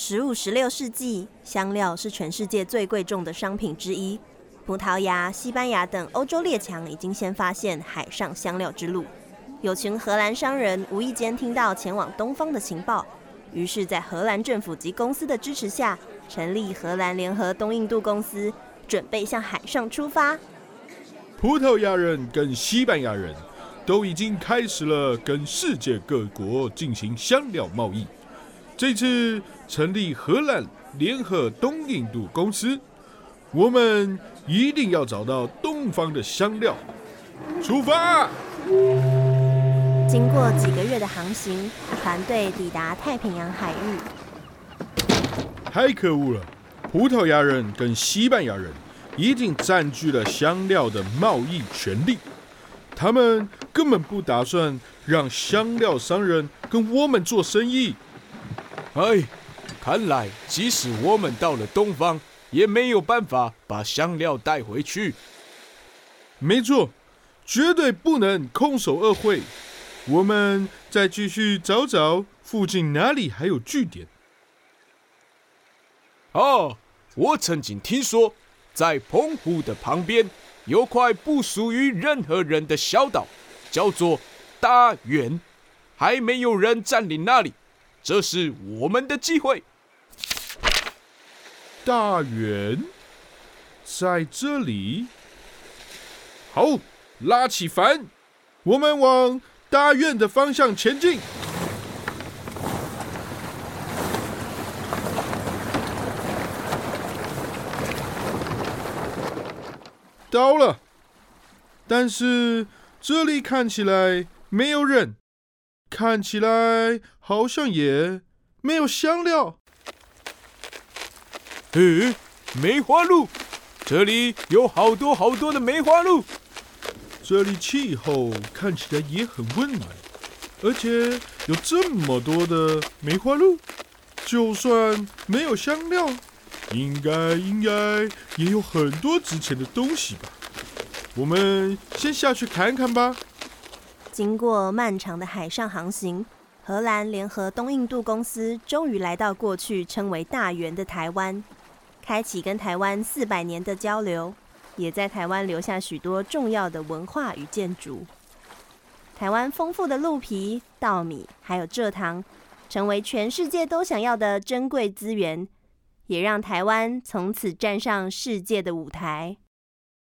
十五、十六世紀，香料是全世界最貴重的商品之一。葡萄牙、西班牙等歐洲列強已經先發現海上香料之路。有群荷蘭商人無意間聽到前往東方的情報，於是，在荷蘭政府及公司的支持下，成立荷蘭聯合東印度公司，準備向海上出發。葡萄牙人跟西班牙人都已經開始了跟世界各國進行香料貿易。這次成立荷蘭聯合東印度公司，我們一定要找到東方的香料。出發！經過幾個月的航行，船隊抵達太平洋海域。太可惡了！葡萄牙人跟西班牙人已經佔據了香料的貿易權利，他們根本不打算讓香料商人跟我們做生意。哎，看來即使我們到了東方，也沒有辦法把香料帶回去。沒錯，絕對不能空手而回。我們再繼續找找附近哪裡還有據點。哦，我曾經聽說，在澎湖的旁邊有塊不屬於任何人的小島，叫做大員，還沒有人佔領那裡。這是我們的機會。大員在這裡。好，拉起帆，我們往大員的方向前進。到了，但是這裡看起來沒有人。看起來好像也沒有香料。誒，梅花鹿！這裡有好多好多的梅花鹿。這裡氣候看起來也很溫暖，而且有這麼多的梅花鹿，就算沒有香料，應該應該也有很多值錢的東西吧。我們先下去看看吧。經過漫長的海上航行，荷蘭聯合東印度公司終於來到過去稱為大員的台灣，開啟跟台灣四百年的交流，也在台灣留下許多重要的文化與建築。台灣豐富的鹿皮、稻米，還有蔗糖，成為全世界都想要的珍貴資源，也讓台灣從此站上世界的舞台。